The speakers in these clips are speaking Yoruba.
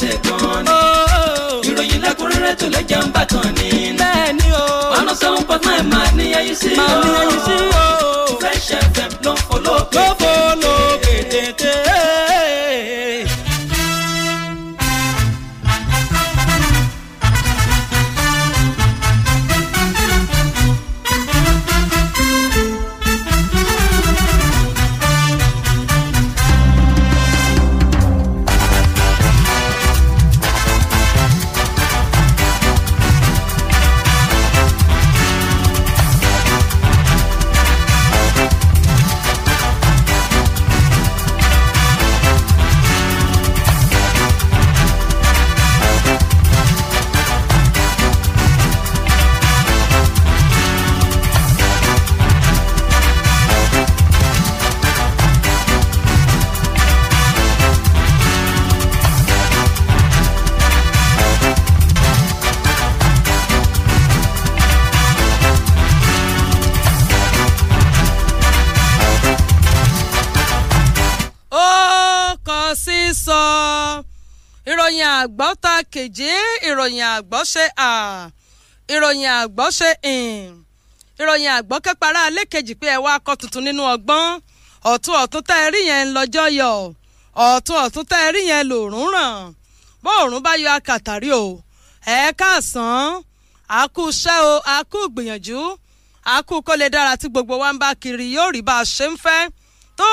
ṣe gan ni. Oh. ìròyìn lẹ́kùnrẹ́rẹ́ tó lẹ́jà ń bàtàn ni. bẹ́ẹ̀ni o. one oh seven point nine máa ní ẹyin sí I máa ní ẹyin sí o. Oh. Fresh FM ló fò lókè. ló fò lókè. àgbọ́ta kèje ìròyìn àgbọ́ṣe à ìròyìn àgbọ́ṣe ìn ìròyìn àgbọ́kẹ́para alẹ́ kejì pé ẹ wá akọ tuntun nínú ọgbọ́n ọ̀tún ọ̀tún tá ẹ rí yẹn lọ́jọ́ yọ ọ̀tún ọ̀tún tá ẹ rí yẹn lòórùn ràn bóòrùn bá yọ akàtàrí o ẹ káàsán àkú iṣẹ́ o àkú gbìyànjú àkú kó lè dára tí gbogbo wa ń bá kiri yóò rí bá a ṣe ń fẹ́ tó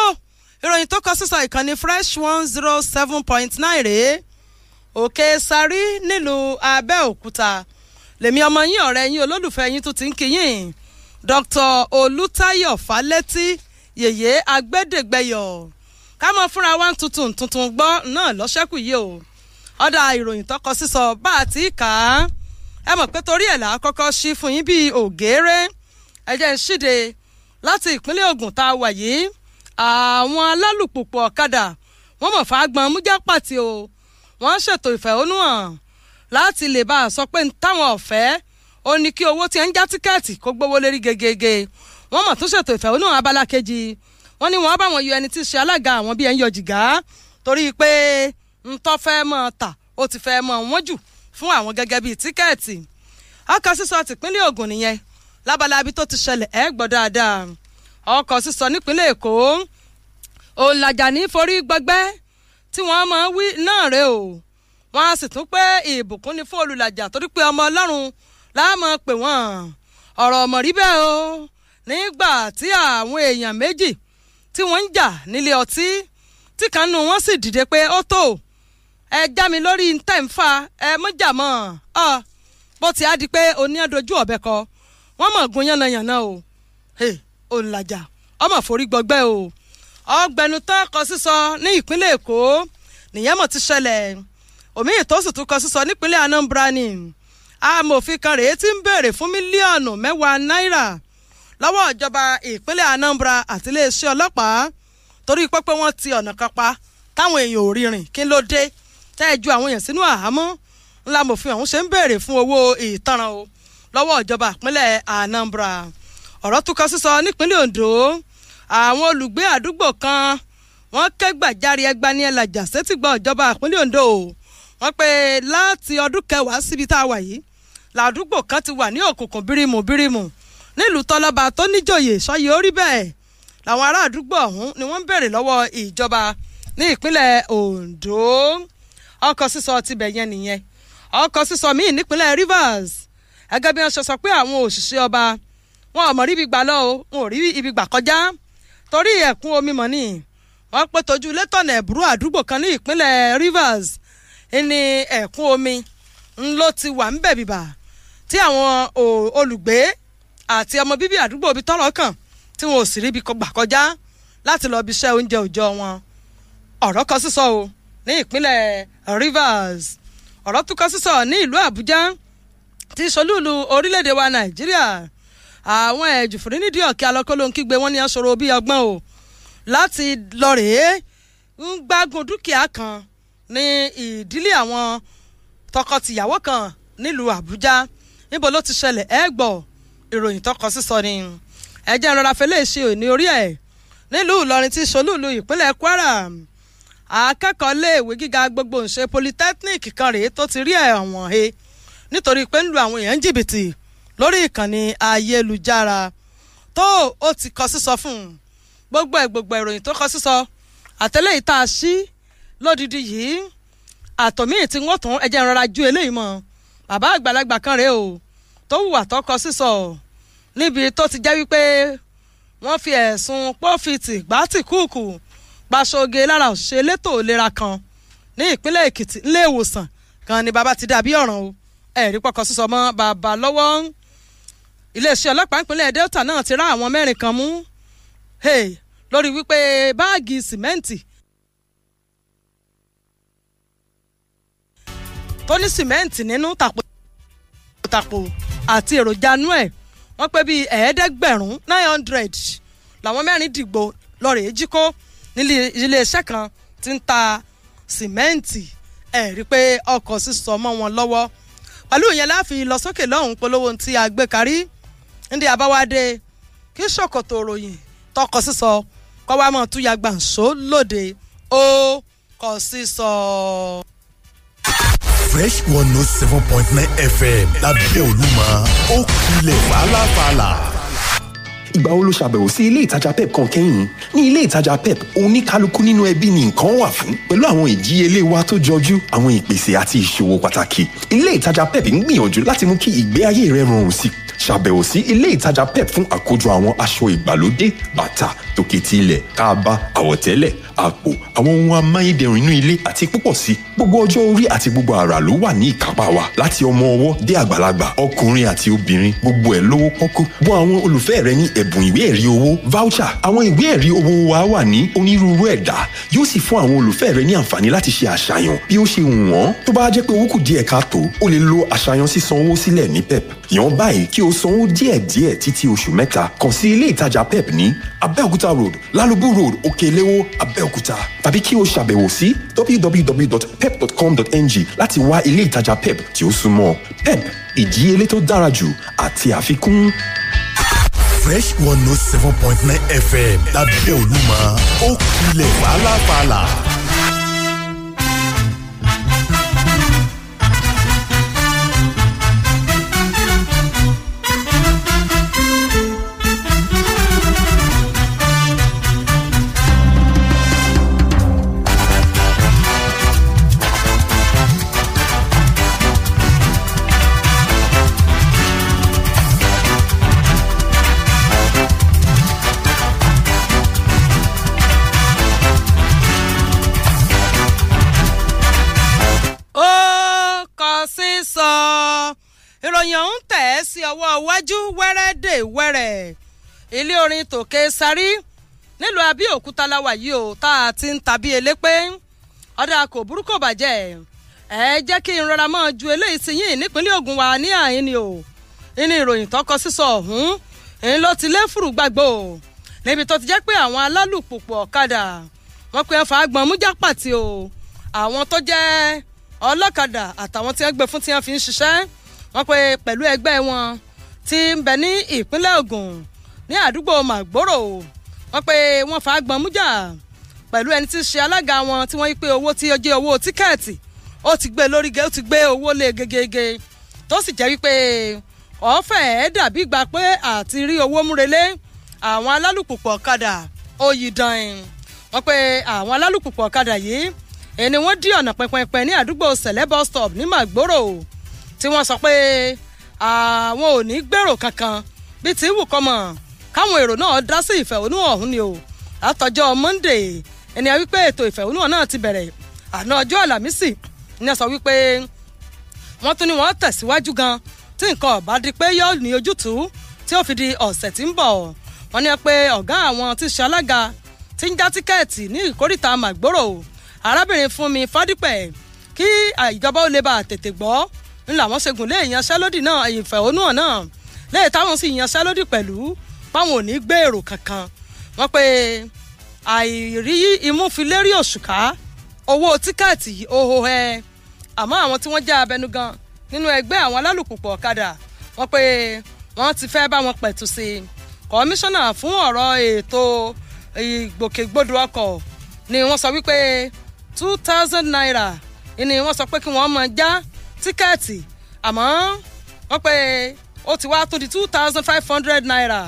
ìròyìn tó kọ sísọ ìkànnì fresh one zero seven point nine rèé òkè sarí nílùú abẹ́òkúta lèmi ọmọ yín ọ̀rẹ́ yín olólùfẹ́ yín tó ti ń kíyìn dr olùtayọ̀ falẹ́tí yèyé agbẹ́dẹ́gbẹ́yọ̀ kámọ́ fúnra wa ń tuntun tuntun gbọ́ náà lọ́sẹ̀kù yìí o ọ̀dà ìròyìn tọkọ sísọ bá a ti kà á ẹ mọ̀ pé torí ẹ̀ là á kọ́kọ́ ṣí fún yín bíi ògèrè ẹ̀jẹ̀ ń ṣíde láti ìpínlẹ̀ ogun tá a wà yìí àwọn alálùpùpù ọ̀kadà wọ́n mọ̀ fàá gbọ́n mújá pàtì o wọ́n ṣètò ìfẹ̀hónúhàn láti lè bá a sọ pé táwọn ọ̀fẹ́ ó ní kí owó tí ń já tíkẹ́ẹ̀tì kó gbówó lérí gegege wọ́n mọ̀ tún ṣètò ìfẹ̀hónúhàn abala kejì wọ́n ní wọ́n bá wọn yọ ẹni tí ń ṣe alága àwọn bíi ẹ̀ ń yọ jìgá torí pé ntọ́ fẹ́ mọ́ ta ó ti fẹ́ mọ́ wọ́n jù fún àwọn gẹ́gẹ́ bíi tíkẹ́ẹ̀tì ọkọ̀ sísọ tìpínlẹ̀ Ògùn nìyẹn lábalábí tó ti ṣẹlẹ̀ ẹ̀ gbọ́ dáadáa ọkọ̀ sísọ nípínlẹ̀ Èkó òǹlàjà ní forí gbọgbẹ́ tí wọ́n máa wí náà rè o wọ́n á sì tún pé ìbùkún ni fún olùlàjà torí pé ọmọ ọlọ́run láàmú pè wọ́n ọ̀rọ̀ ọmọ bẹ́ẹ̀ o nígbà tí àwọn èèyàn méjì tí wọ́n ń jà nílé ọtí tí kan nù wọ́n sì dìde pé ó tó ẹ já mi lórí ntẹ̀ ń fa ẹ mú jà mọ́ ọ bó ti á di pé oníyandojú ọ̀bẹ kọ wọ́n mọ̀ gun yánnayànna o olùlàjà ọmọ forí gbọgbẹ́ o ọgbẹnután kọ sísọ ní ìpínlẹ̀ èkó nìyẹn mọ̀ ti ṣẹlẹ̀ omi ìtòsùn tún kọ sísọ nípínlẹ̀ anambra ni amòfin kan rèé ti ń béèrè fún mílíọ̀nù mẹ́wàá náírà lọ́wọ́ ìjọba ìpínlẹ̀ anambra àti iléeṣẹ́ ọlọ́pàá torí pẹ́pẹ́ wọ́n ti ọ̀nà kan pa táwọn èèyàn ò rìnrìn kí ló dé tẹ́ ẹ ju àwọn èèyàn sínú àhámọ́ ńlá mòfin ọ̀hún ṣe ń béèrè fún owó ìtanràn o lọ́wọ́ ìjọba ìpínlẹ̀ anambra ọ̀rọ̀ tún kan sísọ nípínlẹ̀ ondo àwọn olùgbé àdúgbò kan wọ́n ké gbàjarè ẹgbani ẹlàjà sétígbà ìjọba ìpínlẹ̀ Ondo wọ́n pé láti ọdún kẹwàá síbi tá a wà yìí làdúgbò kan ti wà ní òkùnkùn bírímù bírímù nílùú tọlọba tó níjòyè sọyẹ orí bẹ́ẹ̀ làwọn ará àdúgbò ọ̀hún ni wọ́n ń béèrè lọ́wọ́ ìjọba ní ìpínlẹ̀ Ondo ọkọ̀ sísọ tibẹ̀ yẹn nìyẹn ọkọ̀ sísọ míì nípínlẹ̀ Rivers gẹ́gẹ́ bí wọ́n ṣe sọ pé àwọn òṣìṣẹ́ ọba wọn ò mọ̀ rí ibi gbà lọ o wọn ò rí ibi gbà kọjá torí ẹ̀kún omi mọ̀ ni wọ́n pé tójú létọ̀nà ẹ̀bùrú àdúgbò kan ní ìpínlẹ̀ Rivers ní ẹ̀kún omi ńlọ ti wà ńbẹ̀ bìbà tí àwọn olùgbé àti ọmọ bíbí àdúgbò ibi tọ́rọ̀ kàn tí wọn ò sì ríbi gbà kọjá láti lọ bí iṣẹ́ oúnjẹ òòjọ́ wọn ọ̀rọ̀ kan sísọ o ní ìpínlẹ̀ Rivers ọ̀rọ̀ tún kan sísọ ní ìlú Àbújá tí solúlu orílẹ̀-èdè wa Nàìjíríà àwọn ẹ̀jùfùrí nídìí ọ̀kẹ́ alọ́kọ́lóńkígbe wọ́n ní aṣọ́rọ̀ bíi ọgbọ́n o láti lọ rèé ń gbágun dúkìá kan ní ìdílé àwọn tọkọtìyàwó kan nílùú àbújá níbo ló ti ṣẹlẹ̀ ẹ gbọ́ ìròyìn tọkọ sísọ ni ẹ jẹ́ ìrora fẹlẹ́ ṣe òní orí ẹ̀ nílùú ìlọrin tí solúùlù ìpínlẹ̀ kwara akẹ́kọ̀ọ́ léèwé gíga gbogbo ńṣe polytechnic kan rèé tó ti rí ẹ̀wọ̀n he nítorí pé ń lu àwọn èèyàn jìbìtì lórí ìkànnì ayélujára tó o ti kọ sísọ fún un gbogbo ẹ̀ gbogbo ìròyìn tó kọ sísọ àtẹlẹ́yìí tá a ṣí lódìdí yìí àtọ̀mí tí wọ́n tún ẹ̀jẹ̀ rọra ju eléyìí mọ́ bàbá àgbàlagbà kan rèé o tó hùwà tó kọ sísọ níbi tó ti jẹ́ wípé wọ́n fi ẹ̀sùn pọ́fìtì gbátìkúùkù paṣoge lára òṣìṣẹ́ elétò ìlera kan ní ìpínlẹ̀ èkìtì ilé ìwòsàn kan ni bàbá ti dàbí ọ̀ràn o ẹ̀rí pọkàn sísọ mọ́ bàbá lọ́wọ́ iléeṣẹ́ ọlọ́pàá ìpínlẹ̀ Delta náà ti rá àwọn mẹ́rin kan mú lórí wípé báàgì sìmẹ́ǹtì tó ní sìmẹ́ǹtì nínú tàpótàpó àti èròjà nú ẹ̀ wọ́n pé bíi ẹ̀ẹ́dẹ́gbẹ̀rún nine hundred làwọn mẹ́rin dìgbò lọ́ọ̀rẹ́ jí kó nílé iléeṣẹ́ kan ti ń ta sìmẹ́ǹtì ẹ̀ rí i pé ọkọ̀ sísọ mọ́ wọn lọ́wọ́ pẹ̀lú ìyẹn láfi lọ sókè lọ́hùn-ún polówó tí a gbé karí ndí àbáwádé kí ṣòkòtò òròyìn tọkọ sísọ kọ́ wa mọ̀ túyà gbàǹso lóde ó kọ sísọ. fresh one note oh seven point nine fm lábẹ́ olúmọ ó kulẹ̀ fàlàfàlà ìgbà wo ló ṣàbẹ̀wò sí ilé ìtajà pep kan kẹ́yìn ní ilé ìtajà pep oníkálukú nínú ẹbí ni nǹkan wà fún pẹ̀lú àwọn ìdíyelé wa tó jọjú àwọn ìpèsè àti ìṣòwò pàtàkì ilé ìtajà pep ń gbìyànjú láti mú kí ìgbé ayé rẹ rọrùn sí i ṣàbẹ̀wò sí ilé ìtajà pep fún àkójọ àwọn aṣọ ìgbàlódé bàtà tòkìtì ilẹ̀ káàbá àwọ̀tẹ́lẹ̀ àpò àwọn ohun amáyédẹrùn inú ilé àti púpọ̀ sí gbogbo ọjọ́ orí àti gbogbo àrà ló wà ní ìkápá wa láti ọmọ ọwọ́ dé àgbàlagbà ọkùnrin àti obìnrin gbogbo ẹ̀ lówó pọ́kú bọ́ àwọn olùfẹ́ rẹ ní ẹ̀bùn ìwé ẹ̀rí owó voucher àwọn ìwé ẹ̀rí owó wa wà ní onírúurú ẹ̀dá yóò sì fún àwọn olùfẹ́ rẹ ní àǹfààní láti ṣe àṣàyàn bí ó ṣe wù wọ́n tó bá jẹ́ pé owó kù díẹ̀ káàtó pep yàn báyìí o o sanwó díẹ̀díẹ̀ títí oṣù mẹ́ta kàn sí ilé ìtajà pep ní Abẹ́òkúta road Lalubu road Òkèléwó Abẹ́òkúta tàbí kí o ṣàbẹ̀wò sí www.pep.com.ng láti wá ilé ìtajà pep tí ó súnmọ́ pep ìdíyelé tó dára jù àti àfikún. Fresh one note oh seven point nine FM lábẹ́ Olúmọ ó kilẹ̀ fàlàfàlà. wájú wẹ́rẹ́ dè wẹ́rẹ́ ilé orin tòkè sarí nílùú abẹ́òkúta láwà yìí o tá a ti ń tàbí elépé ọ̀dà kò burúkú bàjẹ́ ẹ jẹ́ kí n rọra mọ́ ju eléyìí sí yín nípínlẹ̀ ogun wa ní àyín ni o inú ìròyìn tọkọ sísọ ọ̀hún ń ló ti lé fùrù gbàgbó níbi tó ti jẹ́ pé àwọn alálùpùpù ọ̀kadà wọ́n pe ẹ̀fà agbọ̀n mújà pàtì o àwọn tó jẹ́ ọlọ́kadà àtàwọn tí wọ́n gbé fún tí wọ́n fi ń ṣiṣẹ́ wọ́n pe pẹ̀lú ẹgbẹ́ wọn ti ń bẹ ní ìpínlẹ̀ Ògùn ní àdúgbò Màgbòrò wọ́n pé wọ́n fa agbọ̀n mújà pẹ̀lú ẹni tí ń ṣe alága wọn tí wọ́n yí pé owó tí ó jẹ́ owó tíkẹ́ẹ̀tì ó ti gbé lórí gẹ́ ó ti gbé owó lé gegege tó sì jẹ́ wípé ọ̀fẹ́ dàbí gbà pé àti rí owó múrelé àwọn alálùpùpù ọ̀kadà ó yí dán in wọ́n pé àwọn alálùpùpù ọ̀kadà yìí ẹni wọ́n dí ọ̀nà pẹpẹpẹ ní àdúgbò sẹ̀lẹ́ bus stop ní Màgbòrò tí wọ́n sọ pé àwọn ò ní gbèrò kankan bíi ti wù kọ́mọ káwọn èrò náà dá sí ìfẹ̀hónú ọ̀hún ni o látọjọ́ monday ẹni a wípé ètò ìfẹ̀hónú náà ti bẹ̀rẹ̀ àná ọjọ́ àlàmísì ni a sọ wípé wọ́n tún ni wọ́n tẹ̀síwájú gan tí nǹkan ọ̀bá di pé yóò ní ojútùú tí ó fi di ọ̀sẹ̀ tí ń bọ̀ wọ́n ní pé ọ̀gá àwọn tí ṣe alága ti ń já tíkẹ́ẹ̀tì ní ìkórìtà màgbòrò arábìnrin fúnmi fádípẹ̀ kí ìjọba ó lè bá tètè gbọ́ ńlá wọn ṣe gùn lé ìyanṣẹ́lódì náà ìfẹ̀hónúhàn náà lẹ́yìn táwọn sì yanṣẹ́lódì pẹ̀lú báwọn ò ní gbé èrò kankan wọ́n pe àìrí imúfilérí òṣùká owó tíkẹ́ẹ̀tì oho ẹ àmọ́ àwọn tí wọ́n jẹ́ abẹnugan nínú ẹgbẹ́ àwọn alálùpùpọ̀ ọ̀kadà wọ́n pe wọ́n ti fẹ́ bá wọn pẹ̀tù sí i kọmíṣánná fún ọ̀rọ̀ ètò ìgbòkègbodò ọkọ̀ ni wọ́n sọ wípé two thousand naira ni wọ́n sọ pé kí wọ́n máa já tíkẹ́ẹ̀tì àmọ́ wọ́n pe ó ti wá tó di two thousand five hundred naira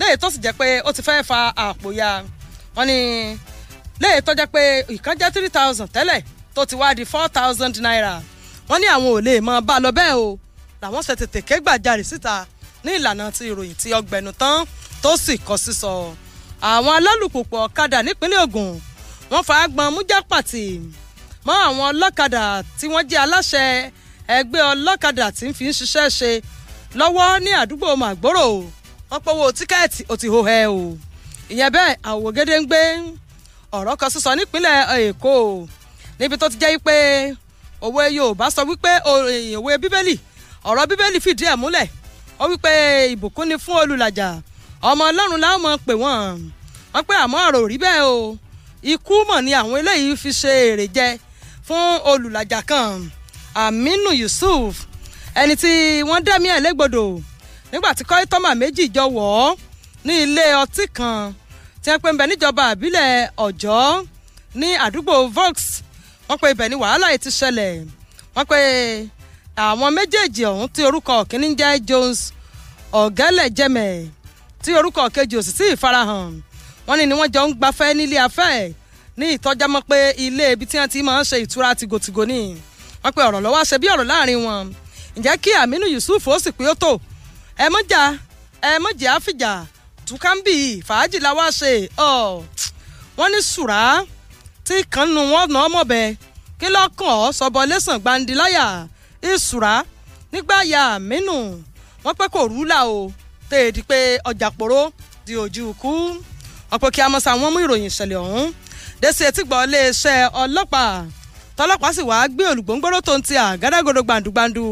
léyìí tó sì jẹ́ pé ó ti fẹ́ fa àpò ya wọ́n ní léyìí tó jẹ́ pé ìkan jẹ́ three thousand tẹ́lẹ̀ tó ti wá di four thousand naira wọ́n ní àwọn ò lè mọ bá lọ bẹ́ẹ̀ o làwọn ṣe tètè ké gbàjarè síta ní ìlànà ti ìròyìn ti ọgbẹ̀nu tán tó sì kọ sísọ àwọn alálùpùpù ọ̀kadà nípínlẹ̀ Ògùn wọ́n fàá gbọn mújápàtì mọ́ àwọn ọlọ́kadà tí wọ́n jẹ́ aláṣẹ ẹgbẹ́ ọlọ́kadà tí ń fi ń ṣiṣẹ́ ṣe lọ́wọ́ ní àdúgbò màgbòrò wọ́n pọ́wọ́ tíkẹ́ẹ̀tì ò ti hó o ìyẹn bẹ́ẹ̀ àwògede ń gbé ọ̀rọ̀ kan sísọ nípínlẹ̀ èkó níbi tó ti jẹ́ pé òwe yorùbá sọ wípé òwe bíbélì ọ̀rọ̀ bíbélì fìdí ẹ̀ múlẹ̀ ó wípé ìbùkún ni fún olùlàjà ọmọ ọlọ́run láwọn mọ̀ pé wọ́n wọ́n pé àmọ́ ọ̀rọ̀ rí bẹ́ẹ̀ o ikú mọ̀ ni àwọn eléyìí fi ṣe èrè jẹ fún olùlàjà kan aminu yusuf ẹni tí wọ́n dẹ́mi ẹ̀ légbodò nígbà tí kọ́ítọ́mà méjì jọ wọ̀ ọ́ ní ilé ọtí kan tí wọ́n pe ń bẹ níjọba àbílẹ̀ ọ̀jọ́ ní àdúgbò vox wọ́n pe ibẹ̀ ni wàhálà yìí ti ṣẹlẹ̀ wọ́n pe àwọn méjèèjì ọ̀hún tí orúkọ kìíní jẹ́ jones ọ̀gẹ́lẹ̀ jẹ́mẹ̀ tí orúkọ kejì òsì sí ìfarahàn wọ́n ní ni wọ́n jọ ń gbafẹ́ nílé afẹ́ ní ìtọ́jámọ́ pé ilé ibi tí wọ́n ti máa ń ṣe ìtura tìgòtìgò ni wọ́n pe ọ̀rọ̀ lọ́wọ́ ṣe bí ọ̀rọ̀ láàrin wọn ǹjẹ́ kí Aminu Yusuf ó sì pé ó tó ẹ mọ́jà ẹ mọ́jà àfìjà túkàǹbì fàájì la wá ṣe ọ wọ́n ní sùrà tí kànnù wọn nà ọmọ bẹ kí lọ́kàn ọ́ sọ̀bọ lẹ́sàn gbandiláyà ìsùrà nígbà ya Aminu wọ́n pẹ́ kò rúlà o tèèdì pé ọjà pòró di ojú kú ọ̀pọ̀ kí amọ̀sà wọn mú ìròyìn ìṣẹ̀lẹ̀ ọ̀hún dẹ́sí etí gbọ́ iléeṣẹ́ ọlọ́pàá tọ́lọ́pàá sì wá gbé olùgbòǹgbòrò tó ń ti àgádágodo gbàǹdùgbàǹdù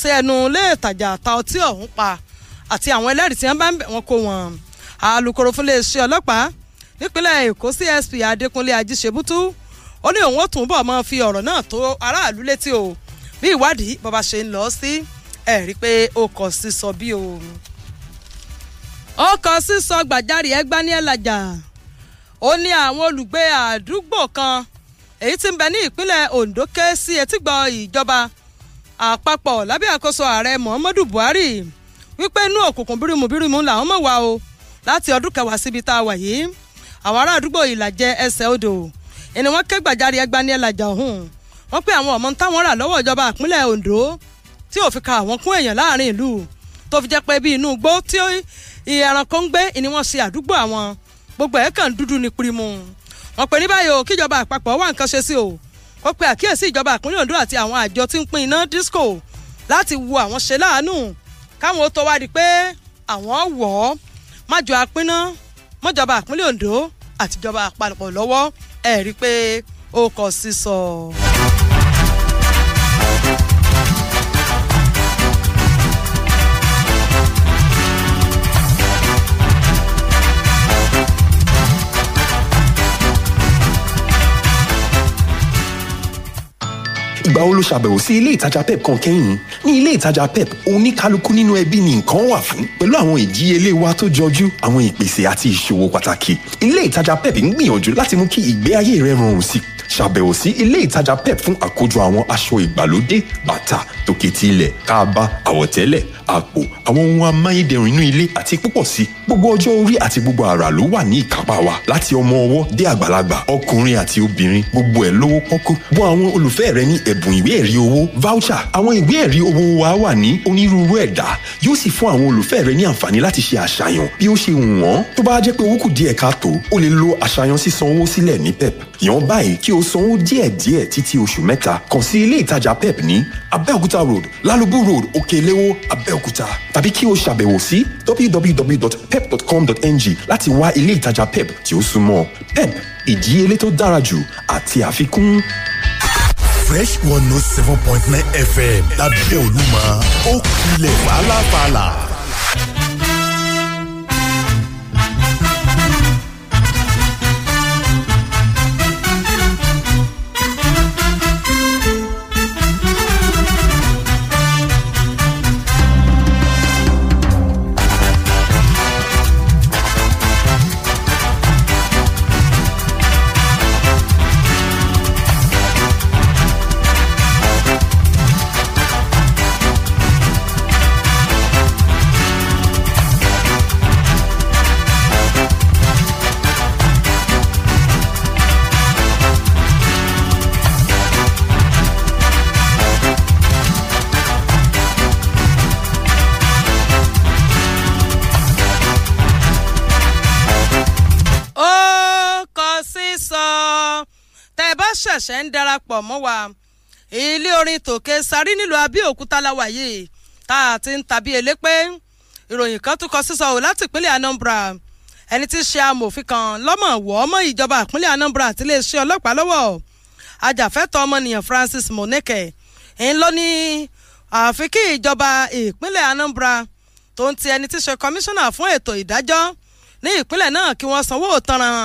sí ẹnu ilé ìtajà ta ọtí ọ̀hún pa àti àwọn ẹlẹ́rìí tí wọ́n bá ń bẹ̀ wọ́n kó wọn. alūkkóró fún iléeṣẹ́ ọlọ́pàá nípínlẹ̀ èkó csp adékúnlé ajíṣebútú ó ní òun ó tún bọ̀ mọ́ fi ọ̀rọ̀ náà tó aráàlú létí o bí ìwádìí bọ́ba ṣe ń lọ sí ẹ̀rí pé ó kọ̀ sí sọ bí o. ó kọ̀ sí sọ gbàjarì ẹgbaniẹlajà ó ní àwọn olùgbé àdúgbò kan èyí tí ń bẹ ní ìpínlẹ̀ Ondo ké sí etígbọ̀ ìjọba àpapọ̀ lábẹ́ àkóso ààrẹ Muhammadu Buhari wípé inú òkùnkùn bírímùbírímù làwọn mọ̀ wá o láti ọdún kẹwàá síbi tá a wà yìí àwọn ará àdúgbò ìlàjẹ ẹsẹ̀ odò ẹni wọ́n ké gbàjarè ẹgbani ẹlàjà ọ̀hún wọ́n pé àwọn ọmọ táwọn rà lọ́wọ́ ìjọba ìpínlẹ̀ Ondo tí ò fi ka àwọn kún èèyàn láàrin ìlú tó fi jẹ́ pé bí inú igbó tí ẹranko ń gbé ni wọ́n ṣe àdúgbò àwọn gbogbo ẹ̀ kàn dúdú ní pirimu wọ́n pè ní báyìí o kíjọba àpapọ̀ wá nǹkan ṣe sí o wọ́n pe àkíyèsí ìjọba ìpínlẹ̀ Ondo àti àwọn àjọ tí ń pín iná disco láti wo àwọn ṣe láàánú káwọn ó tó wá di pé àwọn wọ̀ ọ́ májọ apínná mọ́jọba ìpínlẹ̀ Ondo àtijọba àpapọ̀ lọ́wọ́ ẹ̀ rí i pé ó kọ sísọ. So. ìgbà wo ló ṣàbẹ̀wò sí ilé ìtajà pep kan kẹ́yìn ní ilé ìtajà pep oníkálukú nínú ẹbí ni nǹkan wà fún pẹ̀lú àwọn ìdíyelé wa tó jọjú àwọn ìpèsè àti ìṣòwò pàtàkì ilé ìtajà pep ń gbìyànjú láti mú kí ìgbé ayé rẹ rọrùn sí i ṣàbẹ̀wò sí ilé ìtajà pep fún àkójọ àwọn aṣọ ìgbàlódé bàtà tòkè ti ilẹ̀ káàbá àwọ̀tẹ́lẹ̀ àpò àwọn ohun amáyédẹrùn inú ilé àti púpọ̀ sí gbogbo ọjọ́ orí àti gbogbo àrà ló wà ní ìkápá wa láti ọmọ ọwọ́ dé àgbàlagbà ọkùnrin àti obìnrin gbogbo ẹ̀ lówó pọ́kú bọ àwọn olùfẹ́ rẹ ní ẹ̀bùn ìwé ẹ̀rí owó voucher àwọn ìwé ẹ̀rí owó wa wà ní onírúurú ẹ̀dá yóò sì fún àwọn olùfẹ́ rẹ ní àǹfààní láti ṣe àṣàyàn bí ó ṣe wù wọ́n tó bá jẹ́ pé owó kù díẹ̀ káàtó lo àṣàyàn sísan owó sílẹ̀ ní pep yàn báyìí kí sanwó díẹ̀díẹ̀ títí oṣù mẹ́ta kàn sí ilé ìtajà pep ní Abẹ́òkúta road lalubu road Òkèléwó Abẹ́òkúta tàbí kí o ṣàbẹ̀wò sí www.pep.com.ng láti wá ilé ìtajà pep tí ó súnmọ́ pep ìdíyelé tó dára jù àti àfikún. Fresh one note oh seven point nine FM lábẹ́ Olúmọ ó kilẹ̀ fàlàfàlà. ilé orin tòkè sarí nílùú abẹ́òkúta láwà yìí tá a ti ń tàbí elépé ìròyìn kan tún kọ sísọ ò láti ìpínlẹ̀ anambra ẹni tí í ṣe amòfin kan lọ́mọ̀ wọ́ ọmọ ìjọba ìpínlẹ̀ anambra àti iléeṣẹ́ ọlọ́pàá lọ́wọ́ ajàfẹ́tọ̀ ọmọnìyàn francis moneke ń lọ ní àfi kí ìjọba ìpínlẹ̀ anambra tó ń ti ẹni tí í ṣe kọmíṣánná fún ètò ìdájọ́ ní ìpínlẹ̀ náà kí wọ́n sanwó òtanràn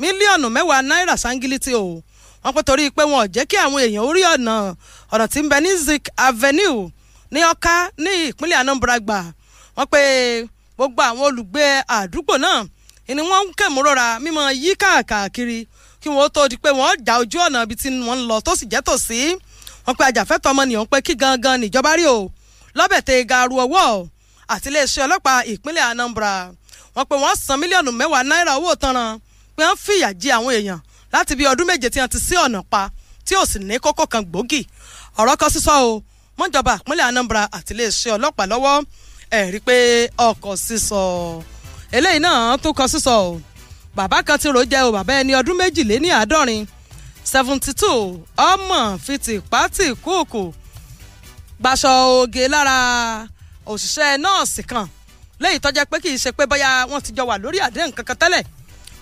mílíọ̀nù mẹ́wàá náírà sangilítì o wọ́n pé torí pé wọn ò jẹ́ kí àwọn èèyàn orí ọ̀nà ọ̀nà tí ń bẹ ní Zik Avenue ní Ọ̀ká ní ìpínlẹ̀ Anambra gbà wọ́n pé gbogbo àwọn olùgbé àdúgbò náà ni wọ́n ń kẹ̀múrọ́ra mímọ yí káàkiri kí wọ́n tó di pé wọ́n já ojú ọ̀nà ibi tí wọ́n ń lọ tó sì jẹ́ tòsí wọ́n pé ajàfẹ́tọ̀ ọmọnìyàn pé kí gangan níjọba rí o lọ́bẹ̀ tẹ garu ọwọ́ àti iléeṣẹ́ ọlọ́pàá ìpínlẹ̀ Anambra wọ́n pé wọ́n san mílíọ̀nù mẹ́wàá náírà owó tanran pé wọ́n fìyà jẹ àwọn èèyàn láti bí ọdún méje tí wọ́n ti sí ọ̀nà pa tí ò sì ní kókó kan gbòógì ọ̀rọ̀ kan sísọ o mọ́jọba ìpínlẹ̀ Anambra àti iléeṣẹ́ ọlọ́pàá lọ́wọ́ ẹ̀ rí i pé ọkọ̀ sísọ eléyìí náà tún kọ sísọ o bàbá kan ti rò jẹ́ o bàbá ẹni ọdún méjìléníàádọ́rin seventy two ọmọ fìtì pátì kúùkù gbaṣọ oge lára òṣìṣẹ́ nọ́ọ̀sì kan léyìí tó jẹ́ pé kì í ṣe pé bóyá wọ́n ti jọ wà lórí àdéhùn kankan tẹ́lẹ̀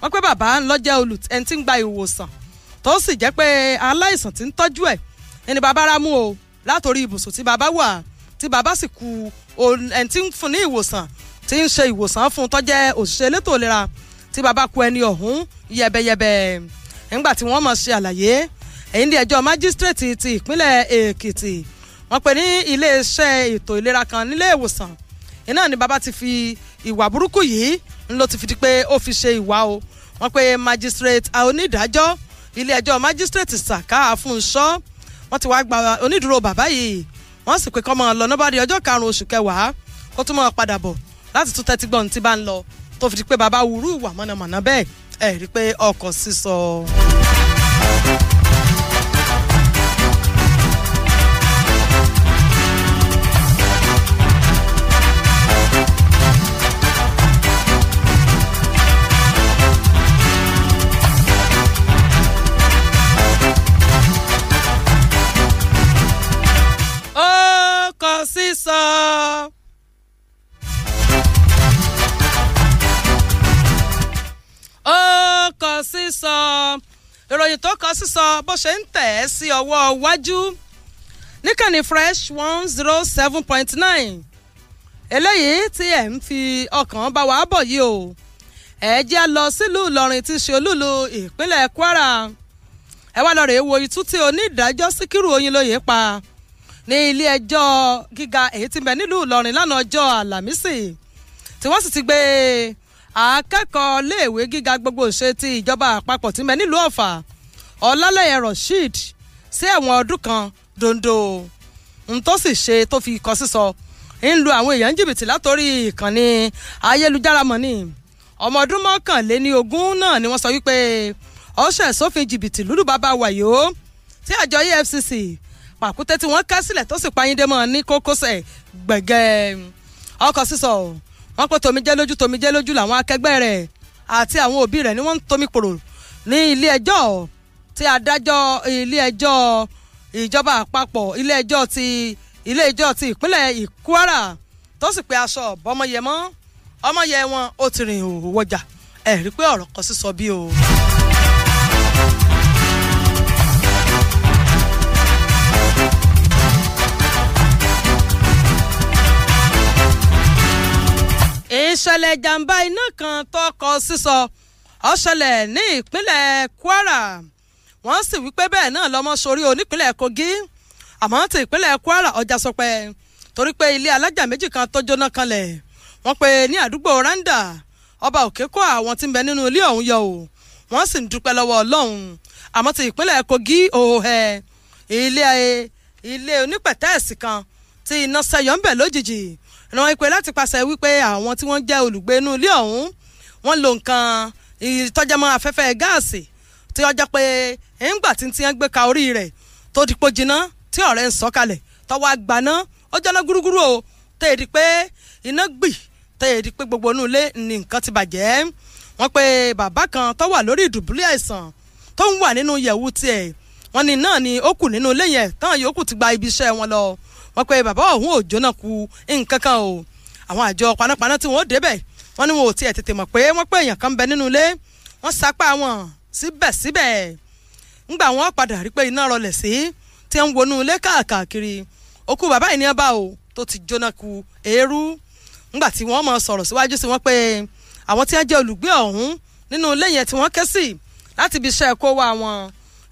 wọ́n pé bàbá ńlọ́jẹ́ olùt ẹni tí ń gba ìwòsàn tó sì jẹ́ pé aláìsàn tí ń tọ́jú ẹ̀ ẹni bàbá rà mú o látòrí ibùsùn tí bàbá wà tí bàbá sì ku ẹni tí ń fún ní ìwòsàn tí ń ṣe ìwòsàn fún tọ́jẹ́ òṣìṣẹ́ elétò ìlera tí bàbá ku ẹni ọ̀hún yẹbẹyẹbẹ nígbà tí wọ́n mọ̀ ṣe àlàyé èyí ní ẹjọ́ májísírèètì ti ìpínlẹ̀ èkìtì wọ́n pè ní iléeṣẹ́ ètò ìlera kan nílé ìwòsàn iná ni bàbá ti fi ìwà burúkú yìí ló ti fi di pé ó fi ṣe ìwà o wọ́n pe magistrate onídàájọ́ ilé ẹjọ́ magistrate saka afúnṣọ́ wọ́n ti wá gba onídùúró bàbá yìí wọ́n sì pé kọ́mọ lọ nọ́bàdì ọjọ́ karùn-ún oṣù kẹwàá kó tún mọ́ padà bọ̀ láti tún tẹ́tí gbọ́n tí bá ń lọ tó fi di pé bàbá wúrú ìwà mọ̀nàmọ̀nà bẹ́ẹ̀ ẹ̀ rí i pé ọkọ̀ sísọ. sísọ ìròyìn tó kọ sísọ bó ṣe ń tẹ̀ ẹ́ sí ọwọ́ wájú níkànnì fresh one zero oh seven point nine eléyìí tí ẹ̀ ń fi ọkàn bá wa bọ̀ yìí o ẹ jẹ́ lọ sílùú ìlọrin tí ṣe olúlu ìpínlẹ̀ kwara ẹ wá lọ rèé wo itú tí onídàájọ́ síkírù oyinlóye pa ní ilé ẹjọ́ gíga èyí tí bẹ nílùú ìlọrin lánàá ọjọ́ àlàmísì tí wọ́n sì ti gbé e akẹ́kọ̀ọ́ léèwé gíga gbogbo ṣe ti ìjọba àpapọ̀ tí mẹ nílùú ọ̀fà ọ̀làlẹ́yẹ rasheed sí ẹ̀wọ̀n ọdún kan dondo n tó sì ṣe tó fi kọ sísọ ń lu àwọn èèyàn jìbìtì látòrí ìkànnì ayélujára mọ̀ ni ọmọ ọdún mọ́kànléní ogún náà ni wọ́n sọ wípé ọ̀ṣẹ̀ sófin jìbìtì lúdú bàbá wàyó tí àjọ efcc pàkúté tí wọ́n ká sílẹ̀ tó sì payín dé mọ́ ní kókósẹ̀ gbẹ̀gẹ́ ọkọ̀ sísọ wọ́n pé tòmijẹ́ lójú tòmijẹ́ lójú làwọn akẹgbẹ́ rẹ̀ àti àwọn òbí rẹ̀ ni wọ́n ń tomi kòrò ní ilé ẹjọ́ tí adájọ́ ilé ẹjọ́ ìjọba àpapọ̀ ilé ẹjọ́ ti ilé ẹjọ́ ti ìpínlẹ̀ Kwara tó sì pé aṣọ ọ̀bọ̀mọyẹmọ́ ọmọyẹ wọn ó ti rìn òwò wọjà ẹ̀rí pé ọ̀rọ̀ kan sísọ bí o. ìṣẹ̀lẹ̀ ìjàmbá iná kan tọkọ sísọ ó ṣẹlẹ̀ ní ìpínlẹ̀ Kwara wọ́n sì wípé bẹ́ẹ̀ náà lọ́mọ sórí onípínlẹ̀ Kogi àmọ́ ti ìpínlẹ̀ Kwara ọjà sọpẹ́ torí pé ilé alájà méjì kan tó jóná kanlẹ̀ wọ́n pe ní àdúgbò Randa ọba òkè kó àwọn tí ń bẹ nínú ilé ọ̀hún yọ o wọ́n sì ń dúpẹ́ lọ́wọ́ Ọlọ́run àmọ́ ti ìpínlẹ̀ Kogi òhòhẹ́ ilé ilé onípẹ̀tẹ́ẹ̀sì kan tí iná ṣẹ́yọ ń bẹ lójijì ràn ìpè láti pàṣẹ wípé àwọn tí wọ́n jẹ́ olùgbé inú ilé ọ̀hún wọ́n lo nǹkan ìtọ́jẹ́mọ́ afẹ́fẹ́ gáàsì tí ọjọ́ pé ńgbà tí ti ń gbé ka orí rẹ̀ tó ti pojiná tí ọ̀rẹ́ ń sọ̀kalẹ̀ tọwọ́ agbaná ó jẹ́ná gúrúgúrú o tẹ̀ di pé iná gbì tẹ̀ di pé gbogbo inú ilé ni nǹkan ti bàjẹ́ wọ́n pe bàbá kan tó wà lórí ìdùbúlẹ̀ àìsàn tó ń wà nínú yẹ̀wù tiẹ̀ wọ́n ní náà ni ó kù nínú ilé yẹn táwọn yòókù ti gba ibi iṣẹ́ wọn lọ wọ́n pé bàbá ọ̀hún ò jóná ku nǹkan o àwọn àjọ panápaná tí wọ́n débẹ̀ wọ́n ní wọn ò tiẹ̀ tètè mọ̀ pé wọ́n pé èèyàn kan bẹ nínú ilé wọ́n sapá wọn síbẹ̀síbẹ̀ ńgbà wọ́n padà rí pé iná rọlẹ̀ sí tí ń wọnú ilé káàkiri òkú bàbá yìí ní ọba o tó ti jóná ku eérú ńgbà tí wọ́n mọ̀ sọ̀rọ̀ síwájú sí wọn pé àwọn tí wọ́n jẹ́ olùgbé ọ̀hún nínú ilé yẹn tí wọ́n ké sí láti ibi iṣẹ́ kó wa wọn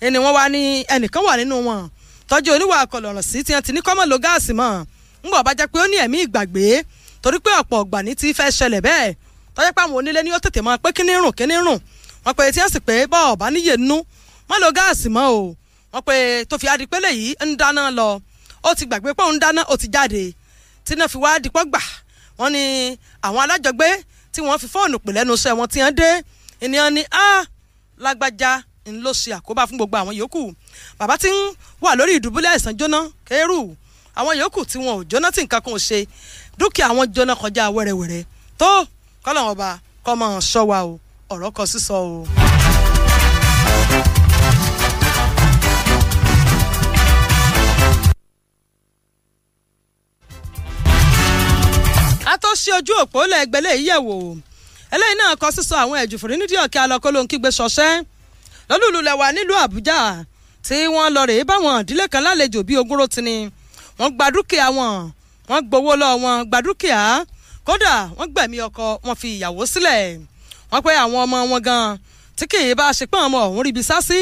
ẹni wọ́n wá ní ẹnìkan wà nínú wọn tọ́jú oníwà akọlọ̀rọ̀ sí tí wọ́n ti ní kọ́mọ̀ lo gáàsì mọ́ ń bọ̀ bá jẹ́ pé ó ní ẹ̀mí ìgbàgbé torí pé ọ̀pọ̀ ọ̀gbà ní ti fẹ́ ṣẹlẹ̀ bẹ́ẹ̀ tọ́jú pé àwọn onílé ni ó tètè máa pé kíní rùn kíní rùn wọ́n pe tí wọ́n sì pé bọ́ ọ̀bá níyè nú má lo gáàsì mọ́ o wọ́n pe tó fi adipẹ́lẹ̀ yìí ń dáná lọ ó ti gbàgbé pé òun dáná ó ti jáde tí náà fi wá dipọ́ gbà wọ́n ní àwọn alájọgbé tí wọ́n fi fóònù pè lẹ́nu iṣẹ́ wọn ti hàn dé ènìyàn ni ah lágbájá ń ló ṣe àkóbá fún gbogbo àwọn yòókù bàbá tí ń wà lórí ìdùbúlẹ̀ àìsàn jóná kéérù àwọn yòókù tí wọn ò jóná tí nǹkan kan ò ṣe dúkìá àwọn jóná kọjá wẹ́rẹ́wẹ́rẹ́ tó kọ́lọ́wọ́n ọba kọ́ máa ṣọ́ wa o ọ̀rọ̀ kan sísọ o. tó ṣe ojú òpó lẹ́gbẹ̀lẹ́ yìí eléyìí náà kọ sísọ àwọn ẹ̀jù fòrí ọ̀kẹ́ alọ́kọ́ ló ń kígbe ṣọṣẹ́ lọ́lùlùlẹ̀ wà nílùú àbújá tí wọ́n lọ rèé báwọn ìdílé kan lálejò bíi ogúnrò ti ni wọ́n gba dúkìá wọn wọ́n gbowó lọ wọn gba dúkìá kódà wọ́n gbẹ̀mí ọkọ wọn fi ìyàwó sílẹ̀ wọ́n pẹ́ àwọn ọmọ wọn gan tí kì í bá ṣe pọ́n ọmọ ọ̀hún ríbi sásí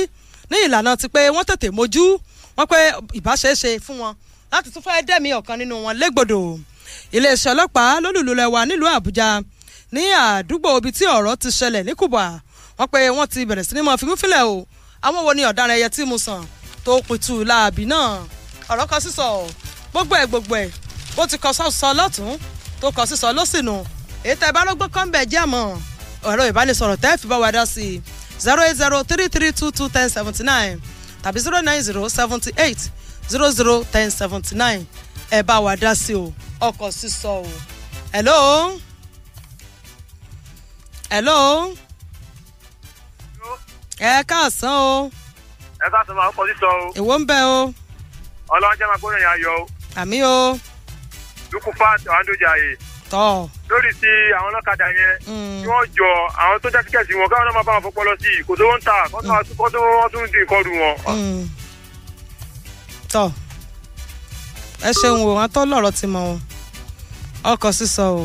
ní ìlànà ti pé wọ́n tètè mójú wọ́n pẹ́ ìbáṣeéṣe fún wọn láti tún fẹ́ẹ́ dẹ̀mí ọ̀kan nínú wọn légbodò iléeṣẹ́ ọlọ́pàá lólùlù lẹ́wà nílùú àbújá ní àdúgbò ibi tí ọ̀rọ̀ ti ṣẹlẹ̀ ní kùbà wọ́n pé wọ́n ti bẹ̀rẹ̀ sí ní mọ̀ fìmúfìlẹ̀ o àwọn wo ni ọ̀daràn ẹyẹ tí mo sàn tó pitú láàbì náà ọ̀rọ̀ kan sísọ gbogbo ẹ̀ gbogbo ẹ̀ bó ti kọ sọ lọ́tún tó kọ sísọ lọ́sìnù èyí tẹ́ kan bẹ̀ jẹ́ àmọ́ ẹ̀rọ ìbánisọ̀rọ̀ tẹ́ fi bá wa dá sí i zero eight zero three three two two ten seventy nine tàbí zero nine zero seventy eight zero zero ten seventy nine ẹ bá wa dá sí o ọkọ̀ sísọ o hello hello ẹ káàsán o. ẹ káàsán máa ń kọ sísọ o. èwo ń bẹ o. ọlọ́run jẹ́ máa gbóyè yẹn ayọ̀ o. àmì o. dúkú fáàtì ọ̀hándojà yìí. tọ́. lórí ti àwọn ọlọ́kadà yẹn. Hmm. kí wọ́n jọ àwọn tó jákèjì sí wọn káwọn náà máa bá wọn fọpọlọ sí i kò tó ń ta kó tó wọ́n tún di ìkọlù wọn. Hmm. tọ́ ẹ ṣeun o wọn tó lọ̀rọ̀ ti mọ wọn ọkọ̀ sísọ o.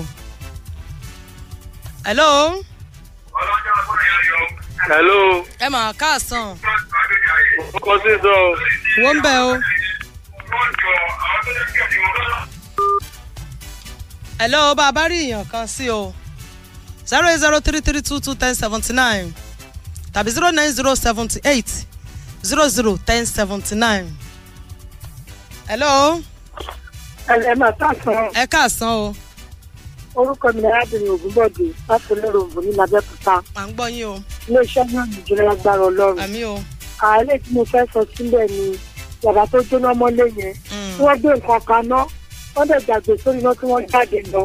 hello hello. ẹ mà káàsán. ọkọ sísọ. wọ́n bẹ̀ o. hello bá a bá rí èèyàn kan sí o zero eight zero three three two two ten seventy nine tàbí zero nine zero seventy eight zero zero ten seventy nine. hello. ẹ mà káàsán. ẹ káàsán o orúkọ mi ni arábìnrin ògúnbọ̀dé láti olóró òǹbó ní làbẹ́kúta. à ń gbọ́ yín o iléeṣẹ́ náà nìjọba lágbára ọlọ́run. ààrẹ tí mo fẹ́ sọ sílẹ̀ ni bàbá tó jóná mọ́lé yẹn tí mm. wọ́n gbé nǹkan kan ná wọ́n dẹ̀ gbàgbé sórí iná tí wọ́n jáde lọ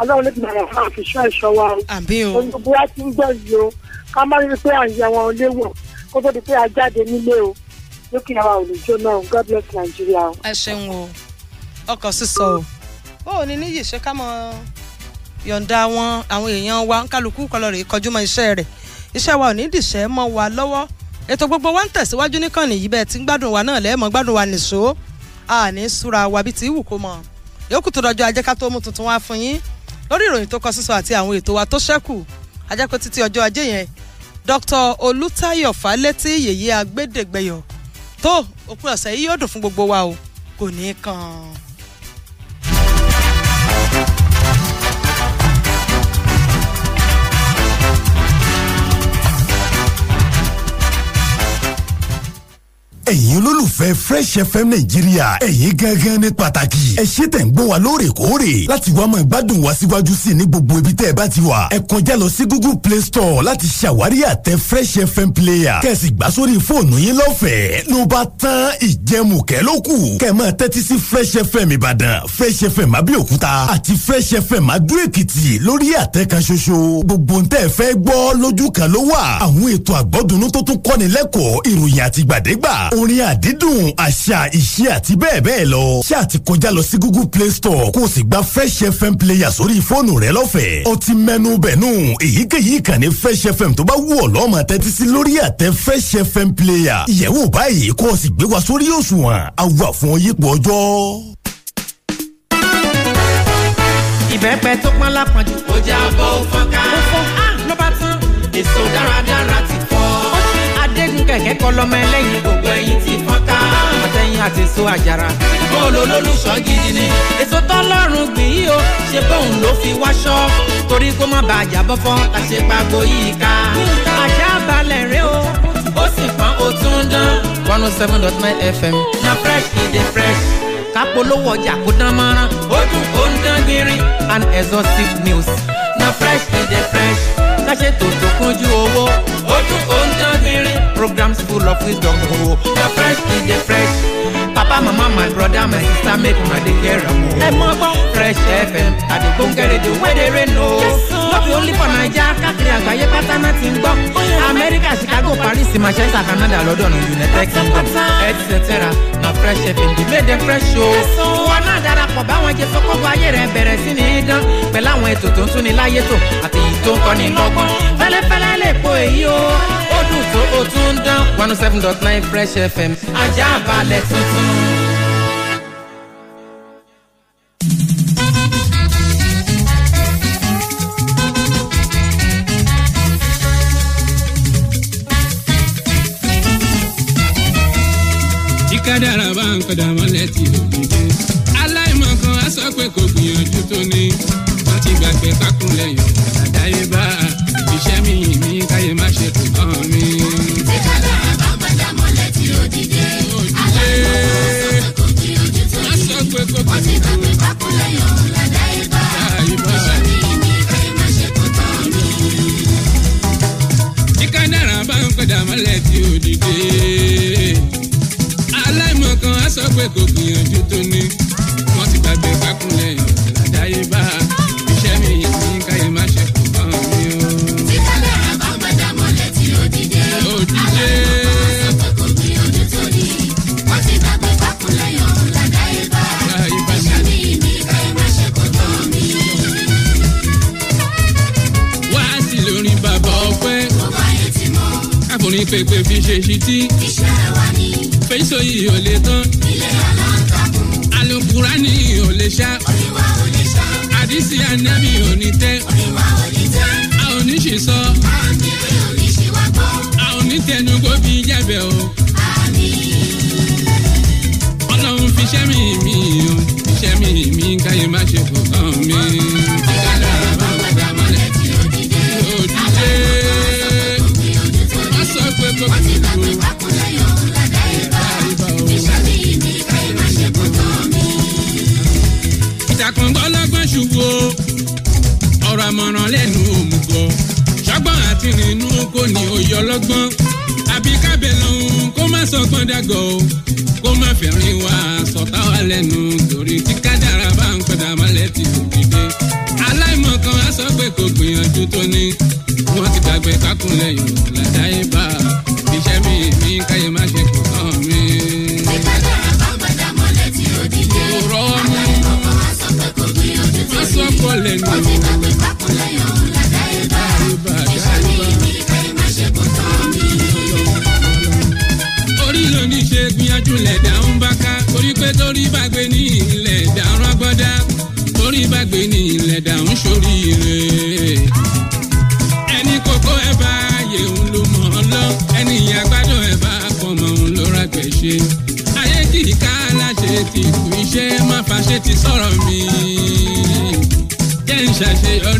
ọlọ́run ló ti bàrà fún àfiṣọ́ ẹ̀ṣọ́ wa o olùgbò wa ti ń gbọ́ yìí o ká má rí pé à ń yẹ wọn lé wò kó tó di pé a jáde nílé o lókè àwa ò ní jóná o God bless Nigeria o. ẹ ṣeun o ọkọ sísọ o bóò ni níyì ṣe ká mọ yọ̀ǹda wọn àwọn èèyàn wa kálukú kọlọ rèé kọjú mọ iṣẹ́ rẹ̀ iṣẹ́ wa ò ní dìṣẹ́ mọ́ wa lọ́wọ́ ètò gbogbo wa ń tẹ̀síwájú níkànnì yìí bẹ́ẹ̀ tí ń gbádùn wa náà lẹ́ẹ̀mọ́ gbádùn wa nìṣó àní súra wa bíi ti wù kó mọ̀ yòókù tó dọjọ́ ajé ká tó mú tuntun wá fún yín lórí ìròyìn tó kọ sísọ àti àwọn ètò wa tó ṣẹ́kù ajẹ́pẹ́ títí ọjọ́ ajé yẹn dr olùtayọ̀ falẹ́tí yèyí agbẹ́dẹ́gbẹ̀yọ̀ tó òpin ọ̀sẹ̀ yìí yóò dùn fún gbogbo wa o kò ní í kan. ẹ̀yin olólùfẹ́ Fresh FM Nàìjíríà ẹ̀yin gángan ní pàtàkì ẹ ṣé tẹ̀ ń gbọ́ wa lóòrèkóòrè láti wá máa gbádùn wa síwájú sí i ní gbogbo ibi tẹ́ ẹ bá ti wà ẹ kọjá lọ sí Google Play Store láti ṣàwárí àtẹ Fresh FM player kẹ́sì gbà sórí fóònù yín lọ́fẹ̀ẹ́ ló bá tán ìjẹmùkẹ́ ló kù kẹ́ máa tẹ́tí sí Fresh FM Ìbàdàn Fresh FM Abẹ́òkúta àti Fresh FM Adó-Èkìtì lórí àtẹ kan ṣoṣo gbogbo ń tẹ́ fẹ́ gbọ́ lójú kan ló wà àwọn ètò àgbọ́dúnú tó tún kọ́ni lẹ́kọ̀ọ́ ìròyìn orin àdídùn àṣà ìṣe àti bẹ́ẹ̀ bẹ́ẹ̀ lọ. ṣé àti kọjá lọ sí google play store kó o sì gba fresh fm player sórí fóònù rẹ lọ́fẹ̀ẹ́. o mẹ́nu bẹ̀nù èyíkéyìí ìkànnì fresh fm tó bá wù ọ́ lọ́ọ́ tẹ́tí sí lórí àtẹ fresh fm player. ìyẹ̀wò báyìí kó o sì gbé wa sórí òṣùwọ̀n a fún yípo ọjọ́. ìbẹ́pẹ tó pọ́n lápọ̀jù. ó jà bọ́ ó ó fọ́n ah, ló bá tán. èso dáradára t kẹ̀kẹ́ kọ lọ́mọ ẹlẹ́yin. gbogbo ẹyin ti fọ́n ká. àtẹ̀yìn àti so àjàrà. bọ́ọ̀lù olólùṣọ́ gidi ni. èso tọ́lọ́run gbìn yìí o ṣe bóun ló fi wáṣọ. torí kó má bàa jábọ́ fọ́ la ṣe pàgbo yìí ká. àṣà balẹ̀ rẹ o. ó sì pọn o tún dán. one oh seven dot nine fm. na fresh e dey fresh. kápolówó ọjà kó dán mọ́rán. ó dùn ó ń dán gbinrin. an exhaustive news. na fresh e dey fresh. ká ṣètò tó kúnjú owó. ó dùn ó ń dán gbinrin programs full of wisdom. Oh, the fresh is the fresh. Papa, mama, my brother, my sister, make my day care. Oh, fresh FM, I the bunker, the way they rain. Oh. Yes, hip-hop only for káàkiri àgbáyé pátá náà ti ń gbọ́ amẹ́ríkà chicago paris manchester canada london united kingdom etc na fresh fm di méde fresh o. ìwọ náà darapọ̀ báwọn jẹ sọ́kọ́gbọ́ ayé rẹ̀ bẹ̀rẹ̀ sí ní dán pẹ̀lú àwọn ètò tó ń tún ni láyé tò àti èyí tó ń kọ́ ni lọ́gbọ́n fẹ́lẹ́fẹ́lẹ́ lè po èyí o ó dùn tó o tún dán one oh seven dot nine fresh fm ajá balẹ̀ tuntun. padà mọ́lẹ̀ tí ò dìde. aláìmọ̀ kan á sọ pé kò gbìyànjú tó ní. wọ́n ti gbàgbé kákúnlẹ̀ yọ̀ àdáyébá iṣẹ́ mi mi káyé má ṣe tó kàn mí. tí kàdá bá padà mọ́lẹ̀ tí ò dìde. aláìmọ̀ iṣẹ́ mi mi káyé má ṣe tó kàn mí. tí kàdá bá padà mọ́lẹ̀ tí ò dìde sọ pé kò gbìyànjú tó ní wọ́n ti gbàgbé pákúnlẹ̀ àdáyébá iṣẹ́ bá wọn iṣẹ́ mi yìí ní káyé má ṣe kó bá wọn ní. wá sí lórí bàbá ọpẹ́. mo máa yẹ ti fi ṣe ṣí tí. ànábì ò ní tẹ́. olúwa ò ní tẹ́. a ò ní ṣì sọ. àmì ò ní ṣì wá gbọ́. a tẹnu kó fi jẹ́bẹ̀ o. àmì. ọlọ́run fi ṣẹ́mi mi o iṣẹ́ mi káyé má ṣe kọ̀ọ̀kan mi. ti rìn inú kò ní òye ọlọ́gbọ́n àbí kábẹ̀ lọ́hùn kó má sọ̀gbọ́n dàgọ̀ o kó má fẹ̀rín wá sọ̀tá wa lẹ́nu torí tí kádàrá bá ń padà mọ́lẹ̀ ti òkèdè aláìmọ̀ kan á sọ pé kò gbìyànjú tó ní wọ́n ti gbàgbé kákúnlẹ̀ yòó làdáyé bá iṣẹ́ mi mi káyé má ṣe kò kàn mí. tí kádàrá bá ń kákúnlẹ̀ yòó làdáyé dùlẹ̀ dáhùn bá ká torí pé torí bá gbé ní ilẹ̀ dáhùn agbọ́dá torí bá gbé ní ilẹ̀ dáhùn ṣoríire. ẹni kókó ẹ bá ààyè òun ló mọ̀ ọ́ lọ ẹni àgbàdo ẹ bá fọmọ òun ló ra gbẹ̀ṣe. ayé kì í ká aláṣẹ ti kù iṣẹ́ má ti sọ̀rọ̀ mi. jẹ́ ń ṣàṣeyọrí.